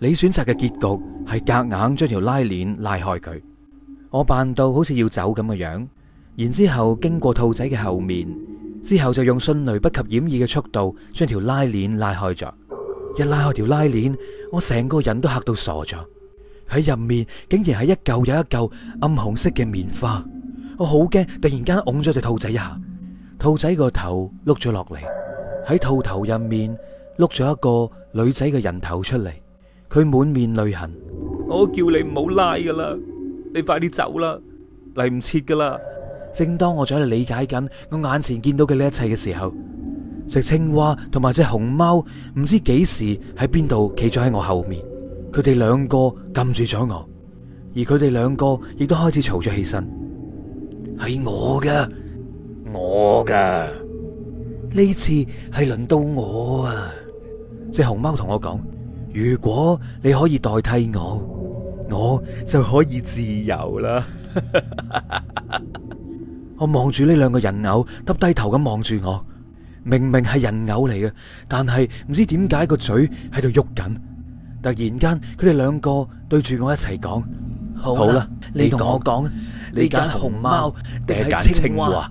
你選擇嘅結局係夾硬將條拉鏈拉開佢。我扮到好似要走咁嘅樣，然之後經過兔仔嘅後面，之後就用迅雷不及掩耳嘅速度將條拉鏈拉開咗。一拉開條拉鏈，我成個人都嚇到傻咗。喺入面竟然係一舊又一舊暗紅色嘅棉花。我好驚，突然間拱咗隻兔仔一下，兔仔個頭碌咗落嚟，喺兔頭入面碌咗一個女仔嘅人頭出嚟。佢滿面淚痕，我叫你唔好拉噶啦，你快啲走啦，嚟唔切噶啦。正當我仲喺度理解緊我眼前見到嘅呢一切嘅時候，隻青蛙同埋隻熊貓唔知幾時喺邊度企咗喺我後面，佢哋兩個撳住咗我，而佢哋兩個亦都開始嘈咗起身。係我噶，我噶！，呢次係輪到我啊！隻熊貓同我講。如果你可以代替我，我就可以自由啦。我望住呢兩個人偶，耷低頭咁望住我。明明係人偶嚟嘅，但係唔知點解個嘴喺度喐緊。突然間，佢哋兩個對住我一齊講：好啦，你同我講，你揀熊貓定係揀青蛙？